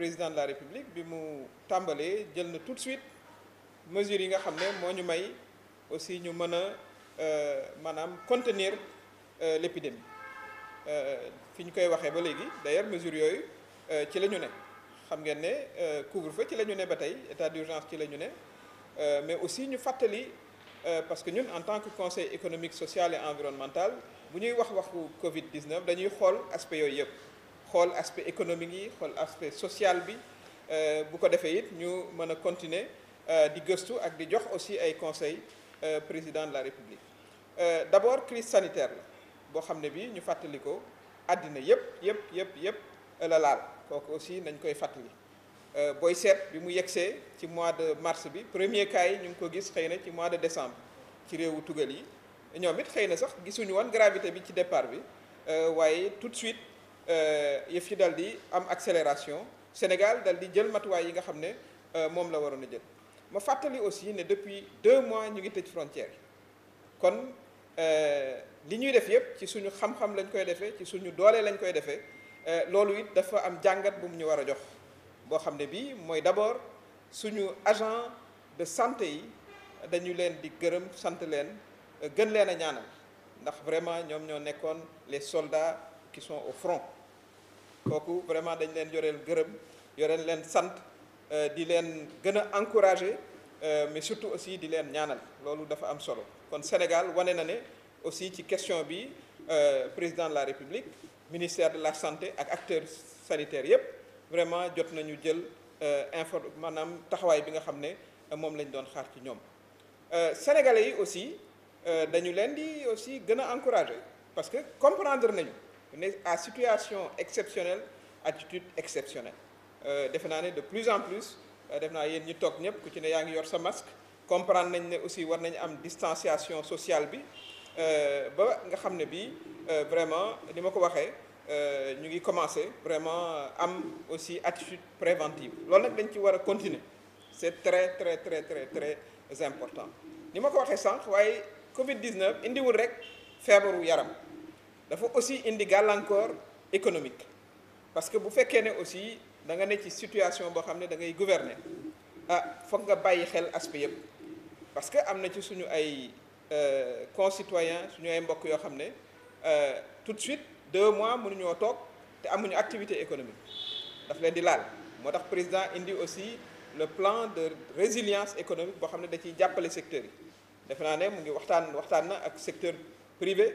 président de la république bi mu tàmbalee jël na tout de suite mesure yi nga xamné mo ñu may aussi ñu mëna euh manam contenir euh, l'épidémie euh, fi ñu koy waxé ba légui, d'ailleurs mesures euh ci lañu né. xam ngeen euh, couvre-feu ci lañu né ba état d'urgence ci lañu né. Euh mais aussi ñu euh parce que ñun en tant que conseil économique social et environnemental bu ñuy wax waxu Covid 19 dañuy xol aspect yooyu yépp xool aspect économique yi aspect social bi euh, bu ko defee it ñu mën a continuer euh, di gëstu ak di jox aussi ay conseil euh, président de la république d'abord crise sanitaire la boo xam ne bi ñu fàttali ko àddina yépp yépp yépp la laal kooku aussi nañ koy fàttali booy seet bi mu yegsee ci mois de mars bi premier cas ñu ngi ko gis xëy na ci mois de décembre ci réewu tugal yi ñoom it xëy na sax gisuñu woon gravité bi ci départ bi waaye tout de suite euh, yëf yi dal di am accélération Sénégal dal di jël matuwaay yi nga xam ne euh, moom la waroon a jël ma fàttali aussi ne depuis deux mois ñu ngi tëj frontière kon euh, li ñuy def yëpp ci suñu xam-xam lañ koy defee ci suñu doole lañ koy defee loolu it dafa am jàngat bu mu ñu war a jox boo xam ne bii mooy d'abord suñu agent de santé yi dañu leen di gërëm sant leen gën leen a ñaanal ndax vraiment ñoom ñoo nekkoon les soldats qui sont au front Donc, vraiment dañ leen yoreel gërëm yoreel leen sant euh, di leen encourager euh, mais surtout aussi di leen ñaanal loolu dafa am solo kon Sénégal nous na aussi ci question bi euh, président de la République ministère de la santé ak acteurs sanitaires vraiment jot nañu jël info maanaam taxawaay bi nga nous ne moom lañ doon xaar ci sénégalais aussi dañu di aussi gën encourager parce que comprendre nañu à situation exceptionnelle attitude exceptionnelle Euh, de plus en plus euh, def naa yéen ñu toog ñëpp ku ci ne yaa ngi yor sa masque comprendre nañ ne aussi war nañ am distanciation sociale bi euh, ba nga xam euh, vraiment ni ma ko waxee ñu ngi commencé vraiment am aussi attitude préventive loolu nag dañ ci continuer c'est très très très très très important ni ma ko waxee Covid 19 indiwul rek feebaru yaram faut aussi indi galancor économique parce que bu fekkee aussi da nga ne ci situation bo xamné da ngay gouverner ah foog nga bayyi xel aspect parce que amna ci suñu ay euh, concitoyens suñu ay mbokk yo xamné euh tout de suite deux mois mënuñoo tok té amuñu activité économique daf leen di laal motax président indi aussi le plan de résilience économique bo xamné da ci jappalé secteurs yi defe né mu ngi waxtaan waxtaan na ak secteur privé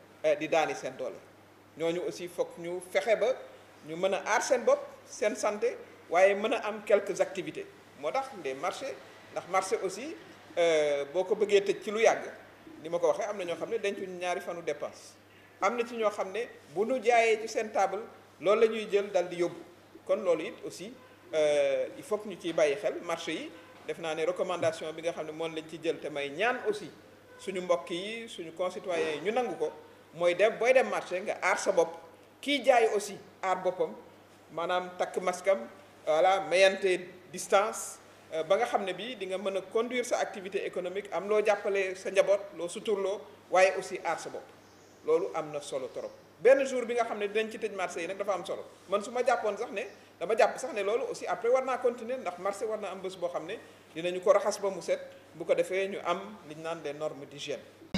Eh, di daani seen doole ñooñu aussi foog ñu fexe ba ñu mën a aar seen bopp seen santé waaye mën a am quelques activités moo tax les marchés ndax marché aussi euh, boo ko bëggee tëj ci lu yàgg ni ma ko waxee am na ñoo xam ne dencuñu ñaari fanu dépense am na ci ñoo xam ne bu ñu jaayee ci seen table loolu la ñuy jël dal di yóbbu kon loolu it aussi euh, il faut que ñu ci bàyyi xel marché yi def naa ne recommandation bi nga xam ne moom lañ ci jël te may ñaan aussi suñu mbokk yi suñu concitoyens yi ñu nangu ko mooy dem booy dem marché nga aar sa bopp kii jaay aussi aar boppam maanaam takk maskam voilà mayante distance euh, ba nga xam ne bii di nga mën a conduire sa activité économique am loo jàppale sa njaboot loo suturloo waaye aussi aar sa bopp loolu am na solo trop. benn jour bi nga xam ne dinañ ci tëj marché yi nag dafa am solo man su ma jàppoon sax ne dama jàpp sax ne loolu aussi après war naa continuer ndax marché war naa am bés boo xam ne dinañu ko raxas ba mu set bu ko defee ñu am li ñu naan les normes d'hygiène